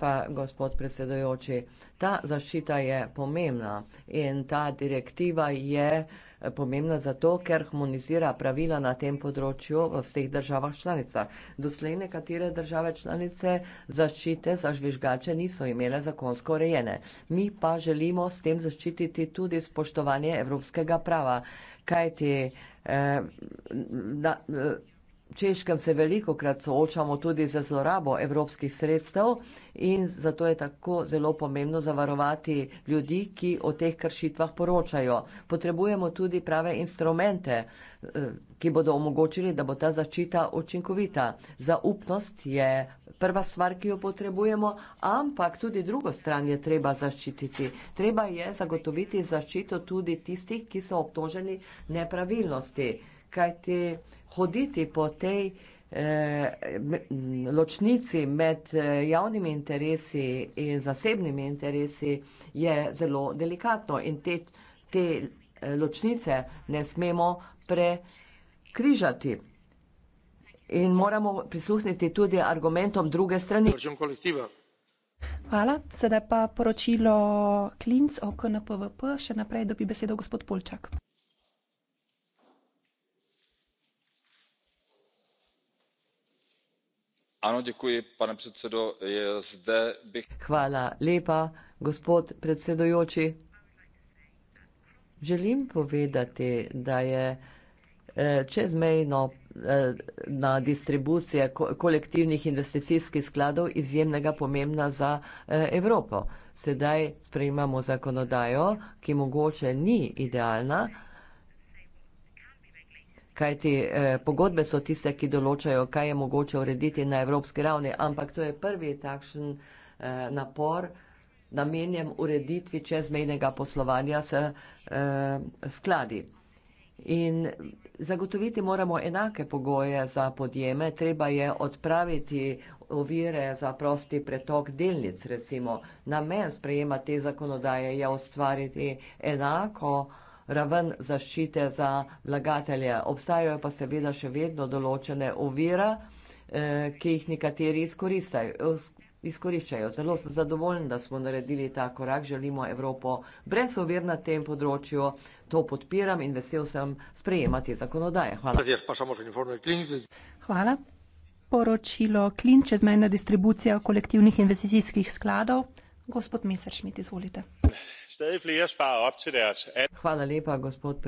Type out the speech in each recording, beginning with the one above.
Pa, gospod predsedojoči, ta zaščita je pomembna in ta direktiva je eh, pomembna zato, ker harmonizira pravila na tem področju v vseh državah članicah. Doslej nekatere države članice zaščite za žvižgače niso imele zakonsko rejene. Mi pa želimo s tem zaščititi tudi spoštovanje evropskega prava, kajti eh, na, Češkem se veliko krat soočamo tudi za zlorabo evropskih sredstev in zato je tako zelo pomembno zavarovati ljudi, ki o teh kršitvah poročajo. Potrebujemo tudi prave instrumente, eh, ki bodo omogočili, da bo ta zaščita učinkovita. Zaupnost je prva stvar, ki jo potrebujemo, ampak tudi drugo stran je treba zaščititi. Treba je zagotoviti zaščito tudi tistih, ki so obtoženi nepravilnosti, kajti hoditi po tej eh, ločnici med eh, javnimi interesi in zasebnimi interesi je zelo delikatno in te, te eh, ločnice ne smemo prekrižati. In moramo prisluhniti tudi argumentom druge strani. Hvala. Sedaj pa poročilo Klinc o KNPVP. Še naprej dobi besedo gospod Polčak. Hvala lepa, gospod predsedujoči. Želim povedati, da je, eh, čezmejno, eh, na distribucije kolektivnih investicijskih skladov izjemnega pomembna za, eh, Evropo. Sedaj sprejemamo zakonodajo, ki mogoče ni idealna, kajti eh, pogodbe so tiste, ki določajo, kaj je mogoče urediti na evropski ravni, ampak to je prvi takšen eh, napor namenjen ureditvi čezmejnega poslovanja s eh, skladi. In zagotoviti moramo enake pogoje za podjeme, treba je odpraviti ovire za prosti pretok delnic, recimo. Namen sprejema te zakonodaje je ustvariti enako eh, raven zaščite za vlagatelje. Obstajajo pa seveda še vedno določene ovira, eh, ki jih nekateri izkoriščajo. Zelo sem zadovoljen, da smo naredili ta korak. Želimo Evropo brez ovir na tem področju. To podpiram in vesel sem sprejemati zakonodaje. Hvala. Hvala. Poročilo Klin, čezmejna distribucija kolektivnih investicijskih skladov. Gospod Meser Šmit, izvolite. Hvala lepa, gospod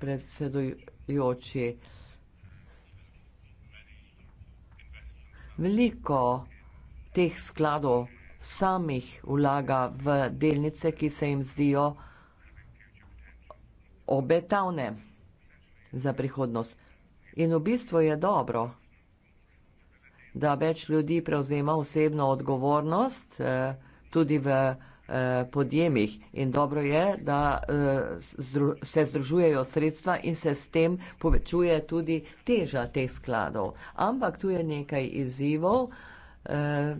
predsedujoči. Veliko teh skladov samih vlaga v delnice, ki se jim zdijo obetavne za prihodnost. In v bistvu je dobro, da več ljudi prevzema osebno odgovornost, eh, tudi v Eh, podjemih in dobro je, da eh, se združujejo sredstva in se s tem povečuje tudi teža teh skladov. Ampak tu je nekaj izzivov. Eh,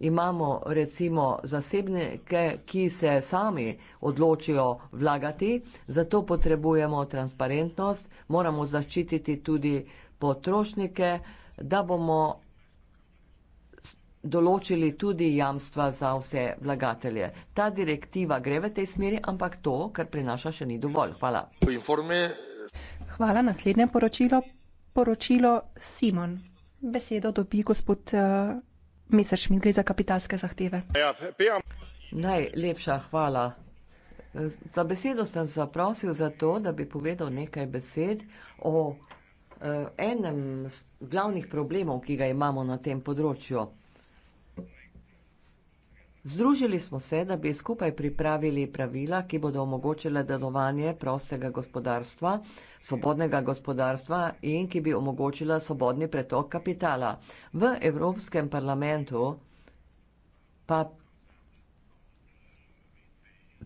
imamo recimo zasebnike, ki se sami odločijo vlagati, zato potrebujemo transparentnost, moramo zaščititi tudi potrošnike, da bomo določili tudi jamstva za vse vlagatelje. Ta direktiva gre v tej smeri, ampak to, kar prinaša, še ni dovolj. Hvala. Hvala. Naslednje poročilo. Poročilo Simon. Besedo dobi gospod uh, eh, Mr. Šmigli za kapitalske zahteve. Ja, Najlepša hvala. Za besedo sem zaprosil za to, da bi povedal nekaj besed o uh, enem glavnih problemov, ki ga imamo na tem področju. Združili smo se, da bi skupaj pripravili pravila, ki bodo omogočile delovanje prostega gospodarstva, svobodnega gospodarstva in ki bi omogočila svobodni pretok kapitala. V Evropskem parlamentu pa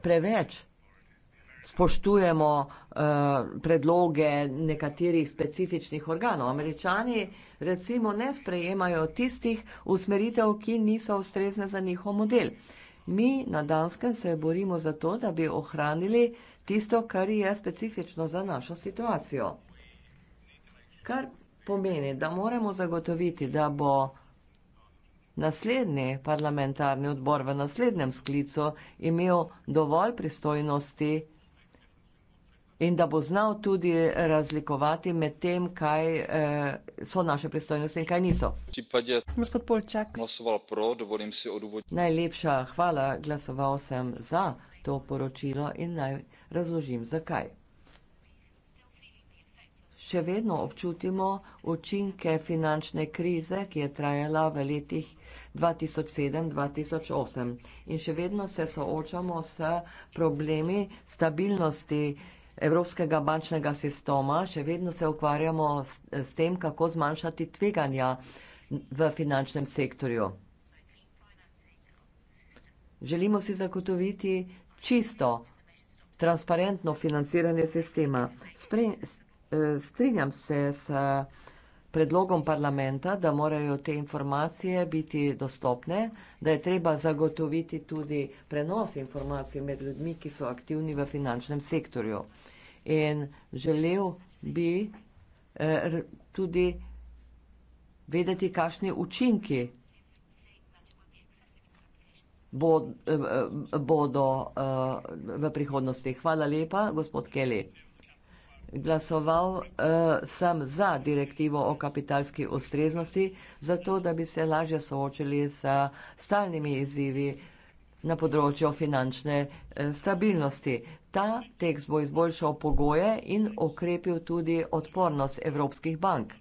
preveč spoštujemo eh, predloge nekaterih specifičnih organov. Američani recimo ne sprejemajo tistih usmeritev, ki niso ustrezne za njihov model. Mi na Danskem se borimo za to, da bi ohranili tisto, kar je specifično za našo situacijo. Kar pomeni, da moramo zagotoviti, da bo naslednji parlamentarni odbor v naslednjem sklicu imel dovolj pristojnosti in da bo znal tudi razlikovati med tem, kaj eh, so naše pristojnosti in kaj niso. Pripadje, Gospod Polčak, pro, najlepša hvala, glasoval sem za to poročilo in naj razložim, zakaj. Še vedno občutimo učinke finančne krize, ki je trajala v letih 2007-2008 in še vedno se soočamo s problemi stabilnosti Evropskega bančnega sistema, še vedno se ukvarjamo s, s tem, kako zmanjšati tveganja v finančnem sektorju. Želimo si zagotoviti čisto, transparentno financiranje sistema. Spre, eh, strinjam se s uh, predlogom parlamenta, da morajo te informacije biti dostopne, da je treba zagotoviti tudi prenos informacij med ljudmi, ki so aktivni v finančnem sektorju. In želel bi eh, tudi vedeti, kakšni učinki bodo, eh, eh, bodo eh, v prihodnosti. Hvala lepa, gospod Kelly glasoval uh, sem za direktivo o kapitalski ustreznosti, zato da bi se lažje soočili s stalnimi izzivi na področju finančne eh, stabilnosti. Ta tekst bo izboljšal pogoje in okrepil tudi odpornost evropskih bank.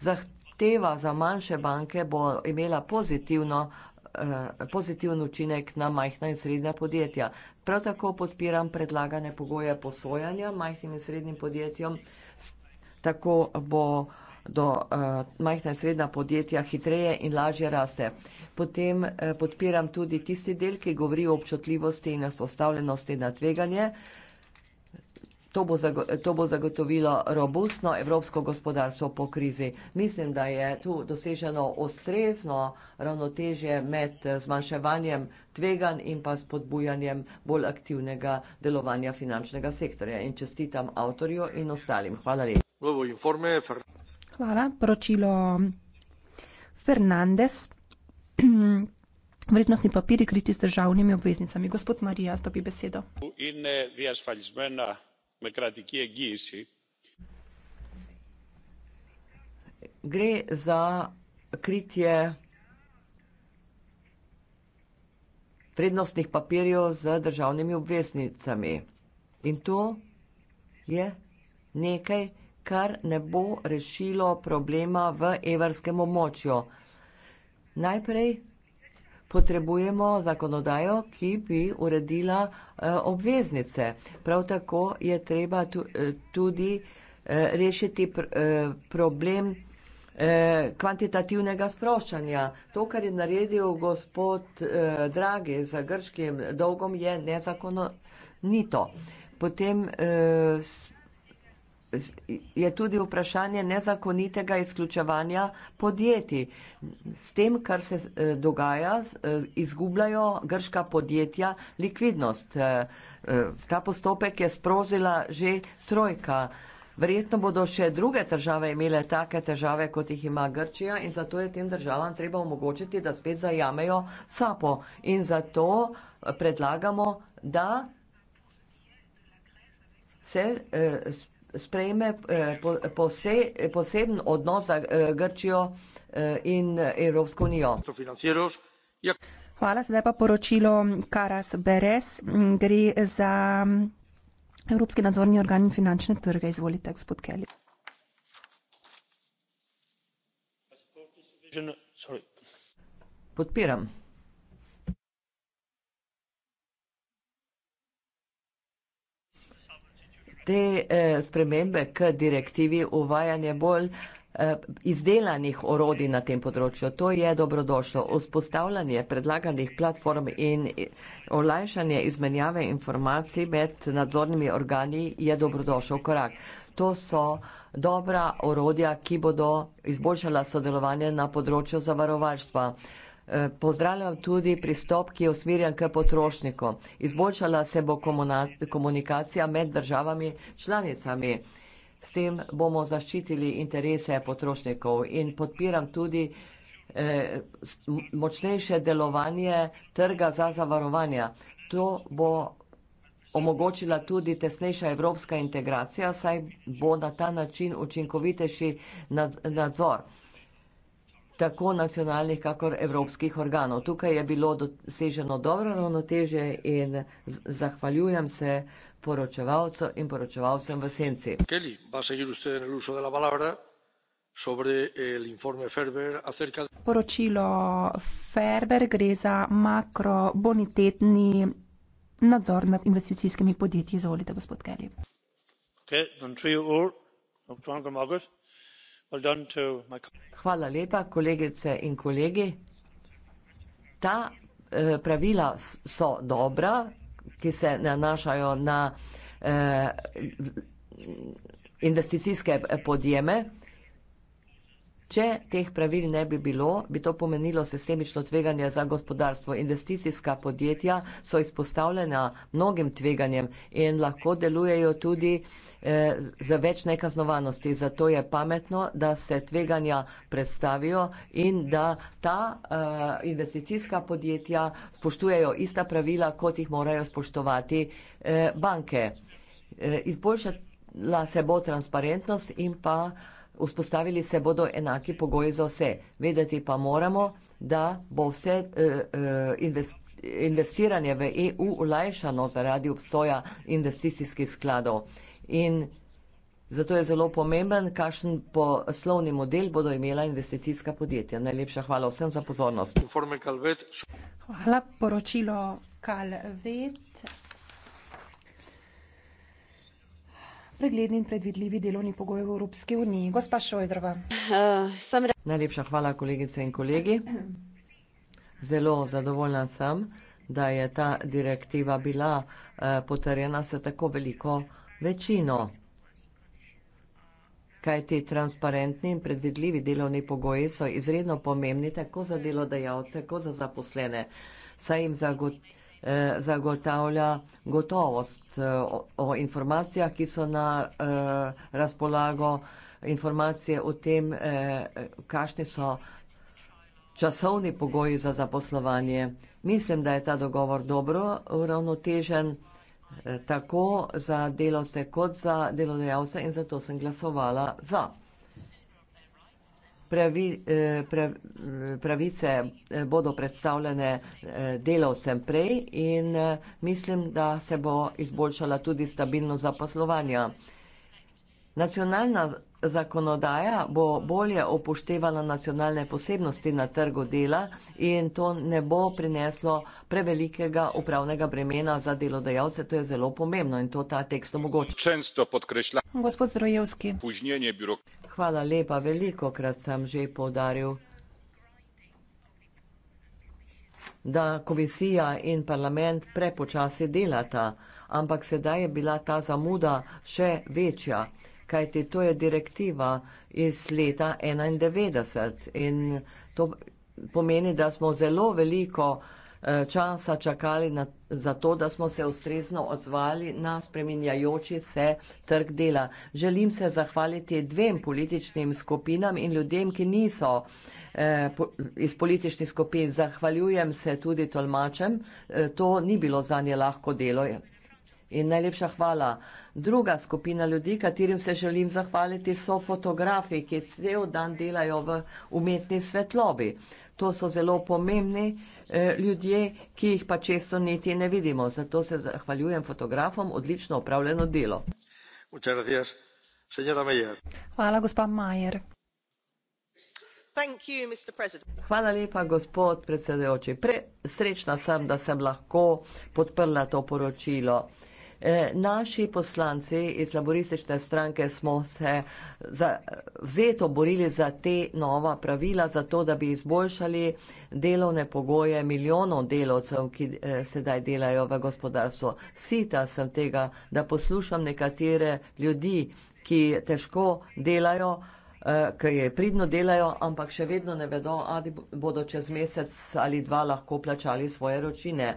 Zahteva za manjše banke bo imela pozitivno Eh, pozitiven učinek na majhna in srednja podjetja. Prav tako podpiram predlagane pogoje posojanja majhnim in srednjim podjetjem, tako bo do uh, majhna in srednja podjetja hitreje in lažje raste. Potem uh, podpiram tudi tisti del, ki govori o občutljivosti in ostavljenosti na tveganje. Uh, To bo, zago, to bo zagotovilo robustno evropsko gospodarstvo po krizi. Mislim, da je tu doseženo ustrezno ravnotežje med eh, zmanjševanjem tvegan in pa spodbujanjem bolj aktivnega delovanja finančnega sektorja. In čestitam avtorju in ostalim. Hvala lepa. Hvala. Poročilo Fernandez. Vrednostni papiri kriti z državnimi obveznicami. Gospod Marija, stopi besedo. In, eh, με κρατική εγγύηση. Gre za kritje vrednostnih papirjev z državnimi obveznicami. In to je nekaj, kar ne bo rešilo problema v evrskem območju. Najprej potrebujemo zakonodajo, ki bi uredila eh, obveznice. Prav tako je treba eh, tudi eh, rešiti problem kvantitativnega sproščanja. To, kar je naredil gospod Dragi za grškim dolgom, je nezakonito. Potem je tudi vprašanje nezakonitega izključevanja podjetij. S tem, kar se eh, dogaja, eh, izgubljajo grška podjetja likvidnost. Eh, ta postopek je sprožila že trojka. Verjetno bodo še druge države imele take težave, kot jih ima Grčija in zato je tem državam treba omogočiti, da spet zajamejo sapo. In zato predlagamo, da se eh, sprejme eh, pose, poseben odnos za eh, Grčijo eh, in Evropsko unijo. Hvala, sedaj pa poročilo Karas Beres. Mm, gre za mm, Evropski nadzorni organ in finančne trge. Izvolite, gospod Kelly. Podpiram. te eh, spremembe k direktivi uvajanje bolj eh, izdelanih orodij na tem področju. To je dobrodošlo. Vzpostavljanje predlaganih platform in eh, olajšanje izmenjave informacij med nadzornimi organi je dobrodošel korak. To so dobra orodja, ki bodo izboljšala sodelovanje na področju zavarovalstva. Eh, pozdravljam tudi pristop, ki je usmerjen k potrošniku. Izboljšala se bo komunikacija med državami članicami. S tem bomo zaščitili interese potrošnikov in podpiram tudi eh, močnejše delovanje trga za zavarovanja. To bo omogočila tudi tesnejša evropska integracija, saj bo na ta način učinkovitejši nadzor tako nacionalnih, kakor evropskih organov. Tukaj je bilo doseženo dobro ravnotežje in zahvaljujem se poročevalcu in poročevalcem v senci. Kelly, Poročilo Ferber gre za makrobonitetni nadzor nad investicijskimi podjetji. Izvolite, gospod Kelly. Okay, Hvala lepa, kolegice in kolegi. Ta, eh, pravila so dobra, ki se nanašajo na, eh, investicijske eh, podjeme. Če teh pravil ne bi bilo, bi to pomenilo sistemično tveganje za gospodarstvo. Investicijska podjetja so izpostavljena mnogim tveganjem in lahko delujejo tudi, eh, za več nekaznovanosti. Zato je pametno, da se tveganja predstavijo in da ta eh, investicijska podjetja spoštujejo ista pravila, kot jih morajo spoštovati eh, banke. Eh, izboljšala se bo transparentnost in pa vzpostavili se bodo enaki pogoji za vse. Vedeti pa moramo, da bo vse eh, eh investicijo investiranje v EU ulajšano zaradi obstoja investicijskih skladov. In zato je zelo pomemben, kakšen poslovni model bodo imela investicijska podjetja. Najlepša hvala vsem za pozornost. Hvala. Poročilo Kalvet. Pregledni in predvidljivi delovni pogoji v Evropski uniji. Gospa Šojdrova. Uh, Najlepša hvala, kolegice in kolegi. Zelo zadovoljna sem, da je ta direktiva bila uh, potrjena, se tako veliko uh, večino. Kaj ti transparentni in predvidljivi delovni pogoji so izredno pomembni tako za delodajalce, kot za zaposlene, saj jim eh, zagotavlja gotovost eh, o informacijah, ki so na eh, razpolago, informacije o tem, kakšni so časovni pogoji za zaposlovanje. Mislim, da je ta dogovor dobro uravnotežen. Eh, tako za delavce kot za delodajalce in zato sem glasovala za. Pravi, eh, pravice eh, bodo predstavljene delavcem prej in mislim, da se bo izboljšala tudi stabilnost zaposlovanja. Nacionalna zakonodaja bo bolje upoštevala nacionalne posebnosti na trgu dela in to ne bo prineslo prevelikega upravnega bremena za delodajalce. To je zelo pomembno in to ta tekst omogoča. Često podkrešljam. Gospod Zdrojevski. Pužnjenje birokracije. Hvala lepa, veliko krat sem že povdaril. da komisija in parlament prepočasi delata, ampak sedaj je bila ta zamuda še večja kajti to je direktiva iz leta 91 in to pomeni, da smo zelo veliko eh, časa čakali na, za to, da smo se ustrezno odzvali na spreminjajoči se trg dela. Želim se zahvaliti dvem političnim skupinam in ljudem, ki niso eh, iz političnih skupin. Zahvaljujem se tudi tolmačem, eh, to ni bilo za nje lahko delo. In najlepša hvala. Druga skupina ljudi, katerim se želim zahvaliti, so fotografi, ki cel dan delajo v umetni svetlobi. To so zelo pomembni eh, ljudje, ki jih pa često niti ne vidimo. Zato se zahvaljujem fotografom, odlično upravljeno delo. Hvala, gospa Majer. You, Hvala lepa, gospod predsedujoči. Pre, srečna sem, da sem lahko podprla to poročilo. Eh, naši poslanci iz laboristične stranke smo se zavzeto borili za te nova pravila, za to, da bi izboljšali delovne pogoje milijonov delovcev, ki eh, sedaj delajo v gospodarstvu. Sita sem tega, da poslušam nekatere ljudi, ki težko delajo, eh, ki je pridno delajo, ampak še vedno ne vedo, ali bodo čez mesec ali dva lahko plačali svoje ročine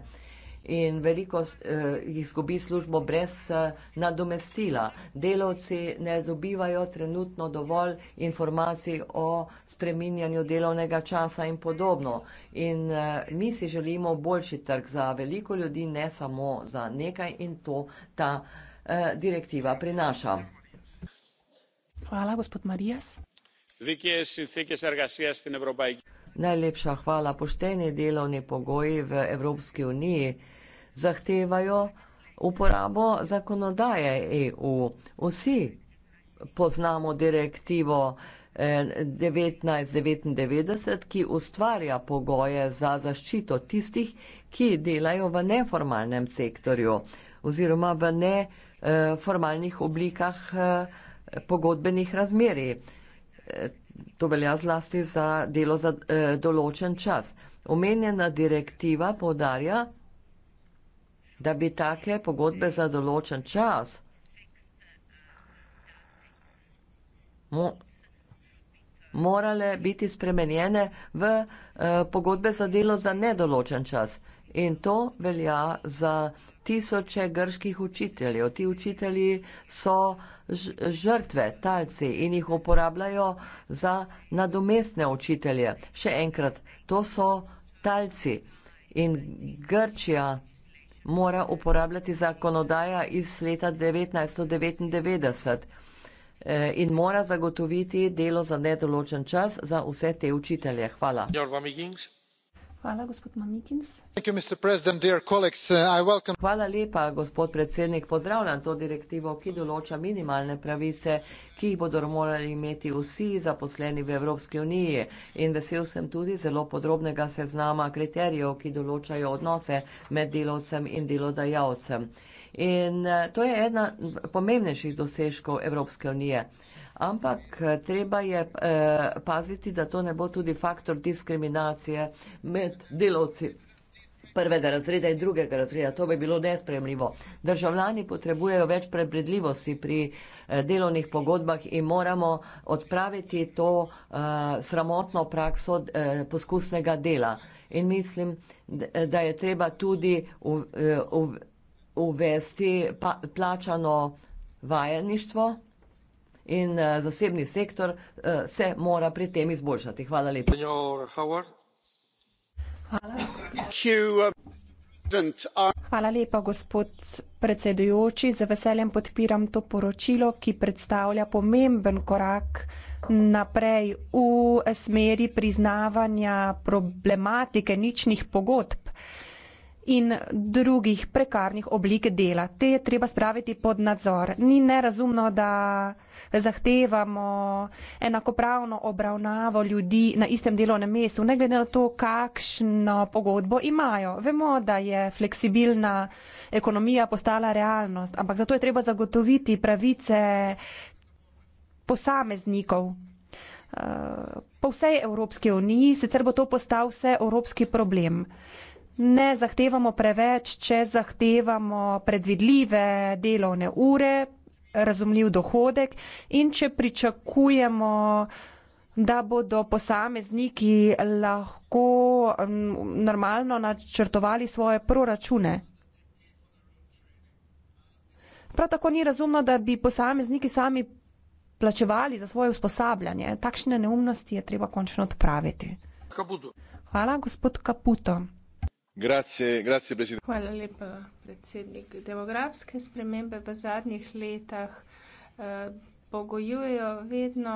in veliko eh, izgubi službo brez eh, nadomestila. Delovci ne dobivajo trenutno dovolj informacij o spreminjanju delovnega časa in podobno. In eh, mi si želimo boljši trg za veliko ljudi, ne samo za nekaj in to ta eh, direktiva prinaša. Hvala, gospod Marijas. Najlepša hvala. Pošteni delovni pogoji v Evropski uniji zahtevajo uporabo zakonodaje EU. Vsi poznamo direktivo 1999, eh, ki ustvarja pogoje za zaščito tistih, ki delajo v neformalnem sektorju oziroma v neformalnih eh, oblikah eh, pogodbenih razmerij. To velja zlasti za delo za eh, določen čas. Omenjena direktiva podarja, da bi take pogodbe za določen čas mo morale biti spremenjene v eh, pogodbe za delo za nedoločen čas. In to velja za tisoče grških učiteljev. Ti učitelji so eh, žrtve, talci in jih uporabljajo za nadomestne učitelje. Še enkrat, to so talci in Grčija mora uporabljati zakonodaja iz leta 1999 eh, in mora zagotoviti delo za nedoločen čas za vse te učitelje. Hvala. Uh, Hvala lepa, gospod predsednik. Pozdravljam to direktivo, ki določa minimalne pravice, ki jih bodo morali imeti vsi zaposleni v Evropski uniji. In vesel sem tudi zelo podrobnega seznama kriterijev, ki določajo odnose med delovcem in delodajalcem. In eh, to je ena pomembnejših dosežkov Evropske unije ampak eh, treba je eh, paziti, da to ne bo tudi faktor diskriminacije med delovci prvega razreda in drugega razreda. To bi bilo nespremljivo. Državljani potrebujejo več prebredljivosti pri eh, delovnih pogodbah in moramo odpraviti to sramotno prakso poskusnega dela. In mislim, da je treba tudi uvesti plačano vajeništvo in uh, zasebni sektor uh, se mora pri tem izboljšati. Hvala lepa. Uh, uh, Hvala lepa, gospod predsedujoči. Z veseljem podpiram to poročilo, ki predstavlja pomemben korak naprej v smeri priznavanja problematike ničnih pogodb in drugih prekarnih oblik dela. Te je treba spraviti pod nadzor. Ni nerazumno, da zahtevamo enakopravno obravnavo ljudi na istem delovnem mestu, ne glede na to, kakšno pogodbo imajo. Vemo, da je fleksibilna ekonomija postala realnost, ampak zato je treba zagotoviti pravice posameznikov. Eh, po vsej Evropski uniji sicer bo to postal vse evropski problem. Ne zahtevamo preveč, če zahtevamo predvidljive delovne ure, razumljiv dohodek in če pričakujemo, da bodo posamezniki lahko normalno načrtovali svoje proračune. Prav tako ni razumno, da bi posamezniki sami plačevali za svoje usposabljanje. Takšne neumnosti je treba končno odpraviti. Kaputo. Hvala, gospod Kaputo. Hvala lepa, predsednik. Demografske spremembe v zadnjih letah eh, pogojujejo vedno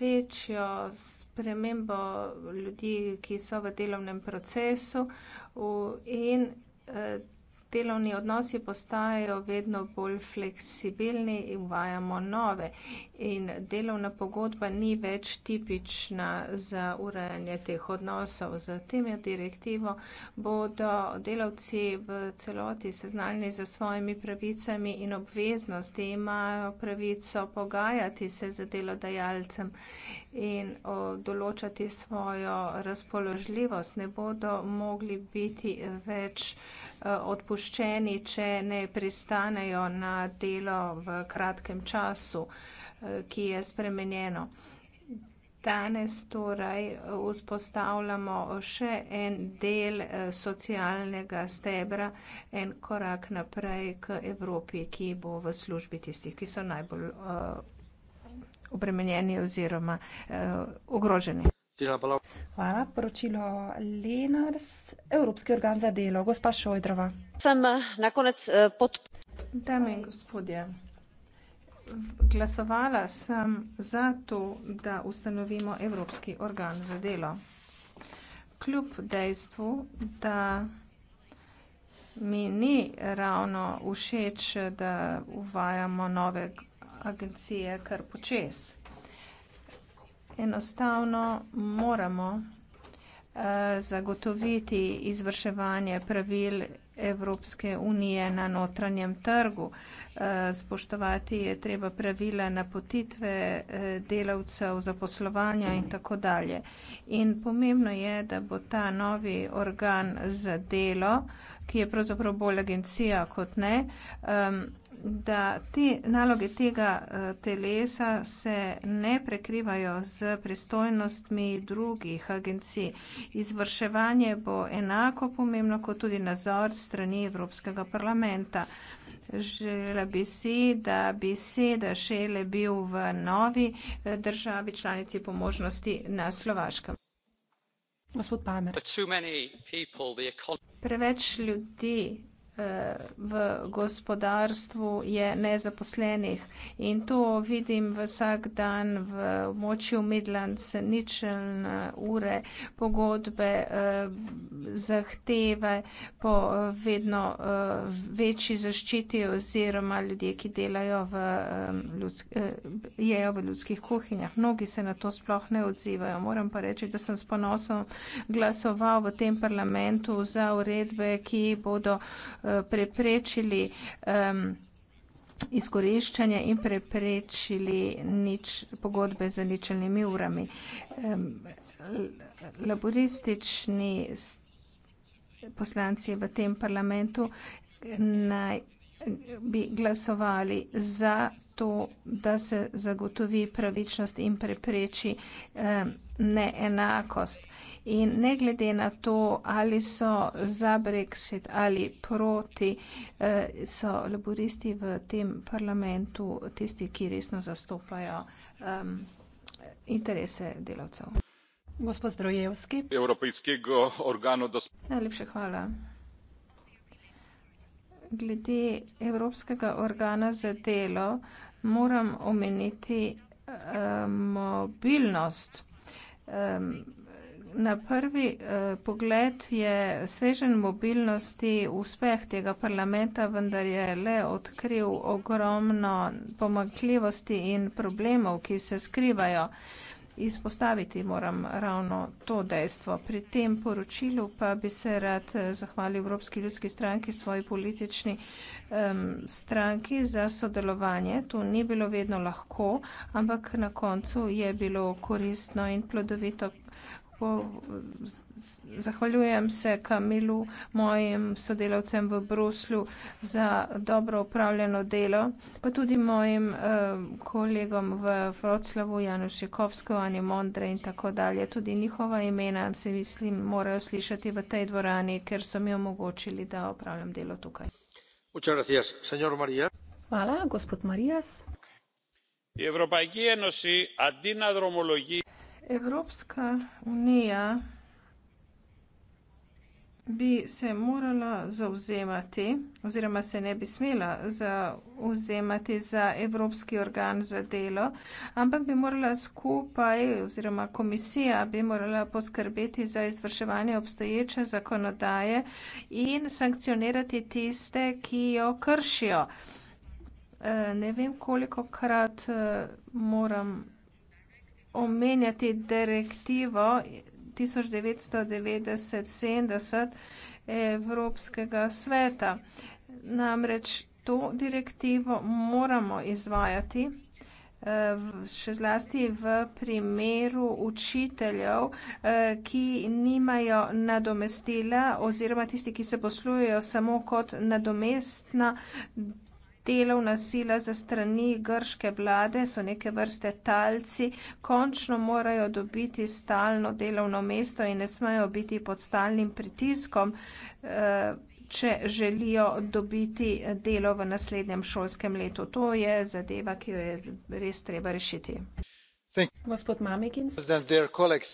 večjo spremembo ljudi, ki so v delovnem procesu, in eh, delovni odnosi postajajo vedno bolj fleksibilni in uvajamo nove. In delovna pogodba ni več tipična za urejanje teh odnosov. Z tem je direktivo bodo delavci v celoti seznanjeni za svojimi pravicami in obveznosti. Imajo pravico pogajati se z delodajalcem in določati svojo razpoložljivost. Ne bodo mogli biti več. Eh, odpuščeni, če ne pristanejo na delo v kratkem času, eh, ki je spremenjeno. Danes torej vzpostavljamo še en del eh, socialnega stebra, en korak naprej k Evropi, ki bo v službi tistih, ki so najbolj obremenjeni oziroma ogroženi. Hvala. Poročilo Lenars, Evropski organ za delo, gospa Šojdrova. Sem eh, na konec eh, pod... Dame in gospodje, glasovala sem za to, da ustanovimo Evropski organ za delo. Kljub dejstvu, da mi ni ravno všeč, da uvajamo nove agencije kar počes enostavno moramo eh, zagotoviti izvrševanje pravil Evropske unije na notranjem trgu. Eh, spoštovati je treba pravila napotitve eh, delavcev za poslovanje in tako dalje. In pomembno je, da bo ta novi organ za delo, ki je pravzaprav bolj agencija kot ne, eh, da te naloge tega eh, telesa se ne prekrivajo z pristojnostmi drugih agencij. Izvrševanje bo enako pomembno kot tudi nazor strani Evropskega parlamenta. Želela bi si, da bi seda šele bil v novi eh, državi članici po možnosti na Slovaškem. Gospod Pamer. Preveč ljudi v gospodarstvu je nezaposlenih. In to vidim vsak dan v močju Midlands, ničelne ure pogodbe eh, zahteve po eh, vedno eh, večji zaščiti oziroma ljudje, ki delajo v, ljudski, jejo v ljudskih kuhinjah. Mnogi se na to sploh ne odzivajo. Moram pa reči, da sem s ponosom glasoval v tem parlamentu za uredbe, ki bodo uh, preprečili izkoriščanje in preprečili nič pogodbe z ničelnimi urami. Laburistični poslanci v tem parlamentu naj bi glasovali za to, da se zagotovi pravičnost in prepreči eh, neenakost. In ne glede na to, ali so za Brexit ali proti, eh, so laboristi v tem parlamentu tisti, ki resno zastopajo interese delavcev. Gospod Zdrojevski. Najlepša hvala glede Evropskega organa za delo moram omeniti uh, mobilnost. Um, na prvi uh, pogled je svežen mobilnosti uspeh tega parlamenta, vendar je le odkril ogromno pomakljivosti in problemov, ki se skrivajo. Uh, Izpostaviti moram ravno to dejstvo. Pri tem poročilu pa bi se rad eh, zahvalil Evropski ljudski stranki, svoji politični um, stranki za sodelovanje. To ni bilo vedno lahko, ampak na koncu je bilo koristno in plodovito. Po, Zahvaljujem se Kamilu, mojim sodelavcem v Bruslju, za dobro upravljeno delo, pa tudi mojim uh, kolegom v Vroclavu, Janu Šekovskemu, Ani Mondre in tako dalje. Tudi njihova imena se, mislim, morajo slišati v tej dvorani, ker so mi omogočili, da upravljam delo tukaj. Hvala, gospod Marijas. Evropska unija bi se morala zauzemati oziroma se ne bi smela zauzemati za Evropski organ za delo, ampak bi morala skupaj oziroma komisija bi morala poskrbeti za izvrševanje obstoječe zakonodaje in sankcionirati tiste, ki jo kršijo. Eh, ne vem, koliko krat eh, moram omenjati direktivo 1990-70 Evropskega sveta. Namreč to direktivo moramo izvajati, eh, še zlasti v primeru učiteljev, eh, ki nimajo nadomestila oziroma tisti, ki se poslujejo samo kot nadomestna delovna sila za strani grške vlade, so neke vrste talci, končno morajo dobiti stalno delovno mesto in ne smajo biti pod stalnim pritiskom, eh, če želijo dobiti delo v naslednjem šolskem letu. To je zadeva, ki jo je res treba rešiti.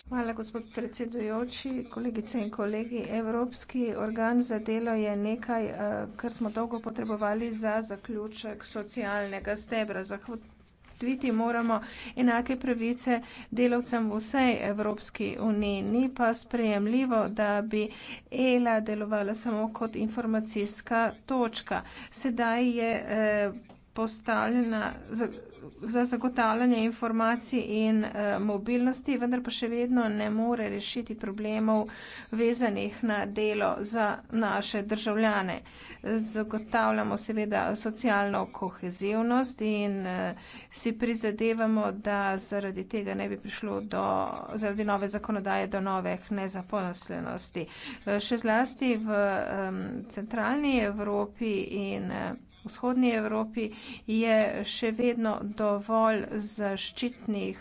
Hvala, gospod predsedujoči, kolegice in kolegi. Evropski organ za delo je nekaj, eh, kar smo dolgo potrebovali za zaključek socialnega stebra. Zahvaliti moramo enake pravice delavcem v vsej Evropski uniji. Ni pa sprejemljivo, da bi ELA delovala samo kot informacijska točka. Sedaj je eh, postavljena za zagotavljanje informacij in uh, mobilnosti, vendar pa še vedno ne more rešiti problemov vezanih na delo za naše državljane. Zagotavljamo seveda socialno kohezivnost in uh, si prizadevamo, da zaradi tega ne bi prišlo do, zaradi nove zakonodaje do novih nezaposlenosti. Uh, še zlasti v um, centralni Evropi in uh, vzhodni Evropi je še vedno dovolj zaščitnih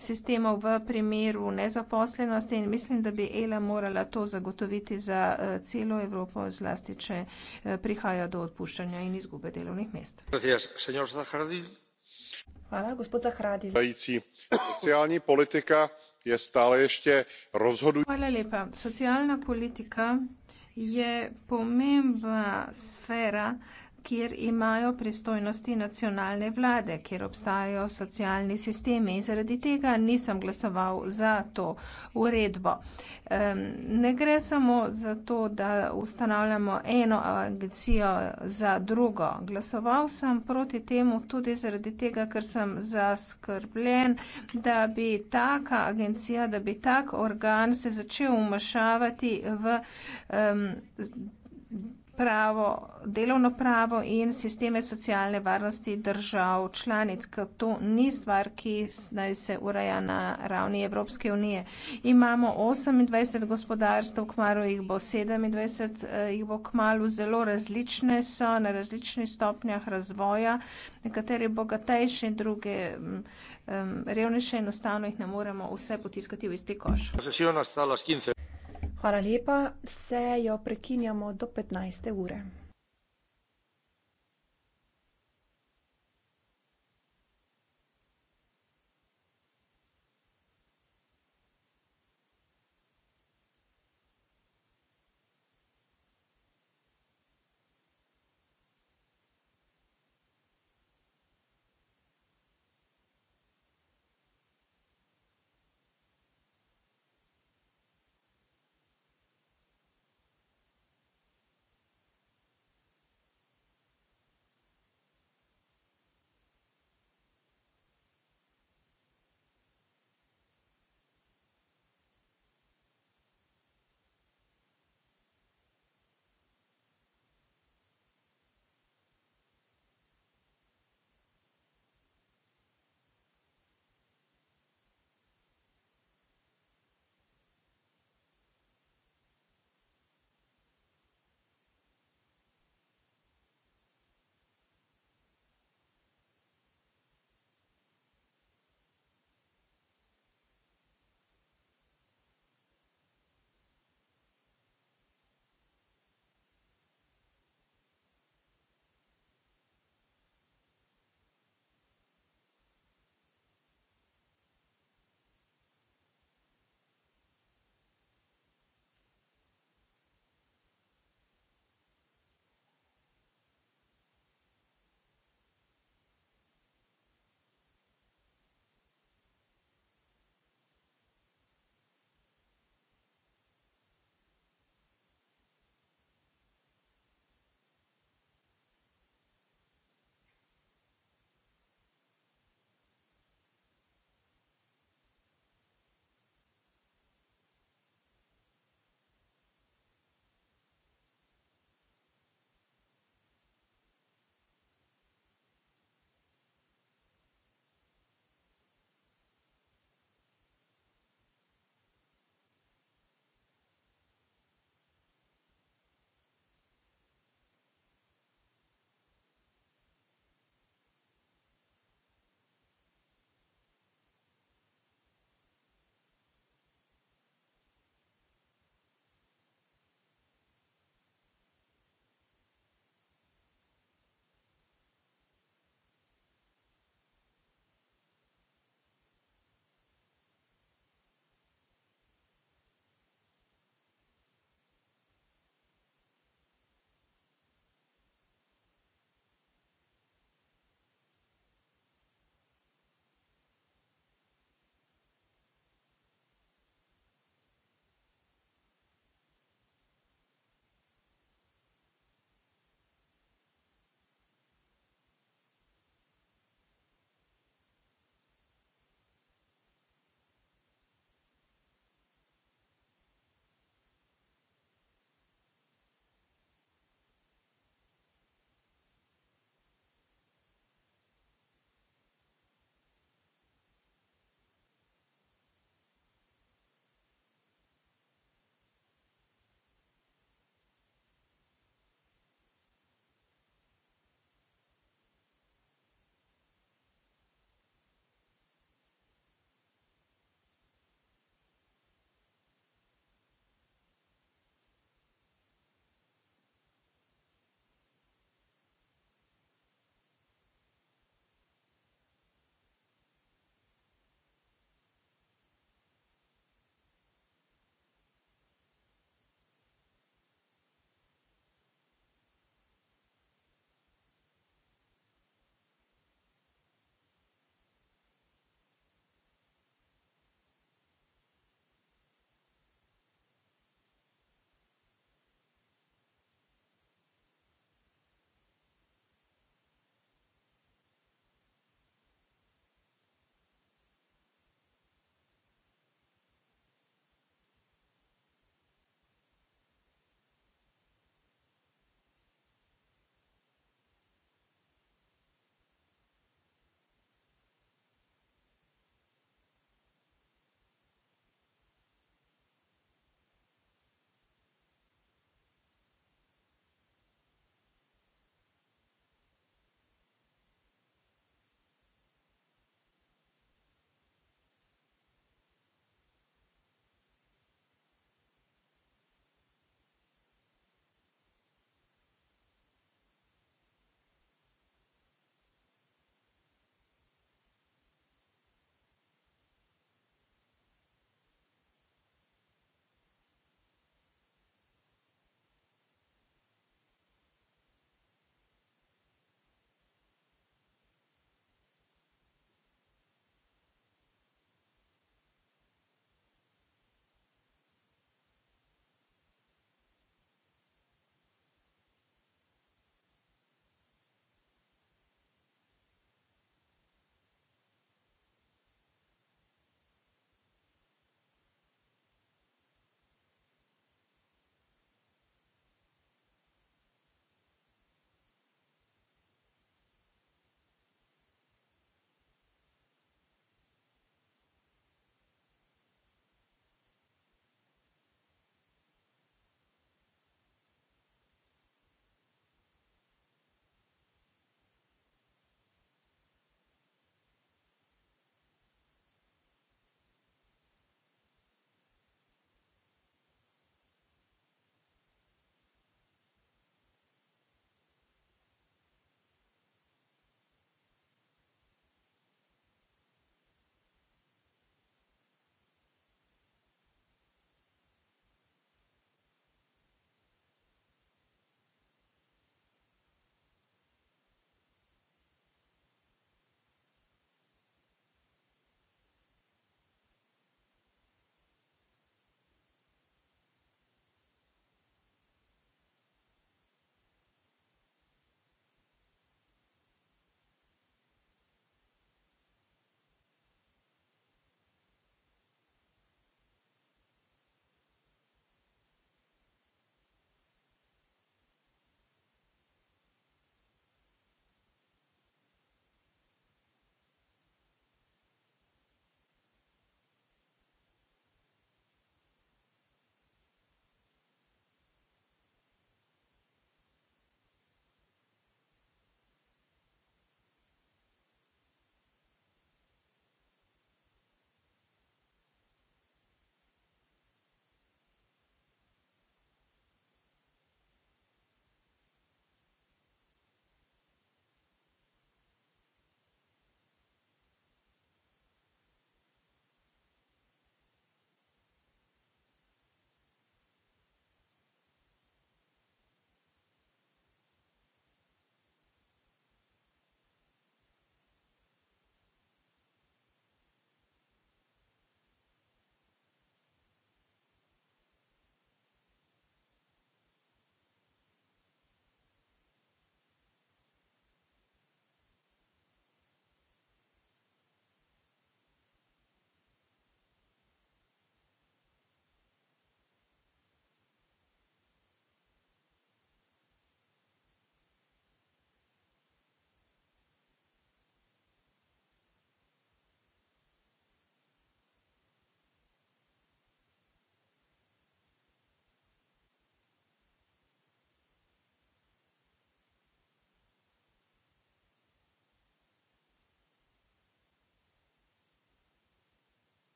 sistemov v primeru nezaposlenosti in mislim, da bi ELA morala to zagotoviti za eh, celo Evropo, zlasti če eh, prihaja do odpuščanja in izgube delovnih mest. Hvala, gospod Zahradil. Hvala lepa. Socialna politika je pomembna sfera, kjer imajo pristojnosti nacionalne vlade, kjer obstajajo socialni sistemi in zaradi tega nisem glasoval za to uredbo. Ne gre samo za to, da ustanavljamo eno agencijo za drugo. Glasoval sem proti temu tudi zaradi tega, ker sem zaskrbljen, da bi taka agencija, da bi tak organ se začel umašavati v um, pravo, delovno pravo in sisteme socialne varnosti držav članic, ker to ni stvar, ki naj se ureja na ravni Evropske unije. Imamo 28 gospodarstv, kmalo jih bo 27, eh, jih bo kmalo zelo različne so na različnih stopnjah razvoja, nekateri bogatejši, druge um, revnejše, enostavno jih ne moremo vse potiskati v isti koš. 15. Hvala lepa. Sejo prekinjamo do 15. ure.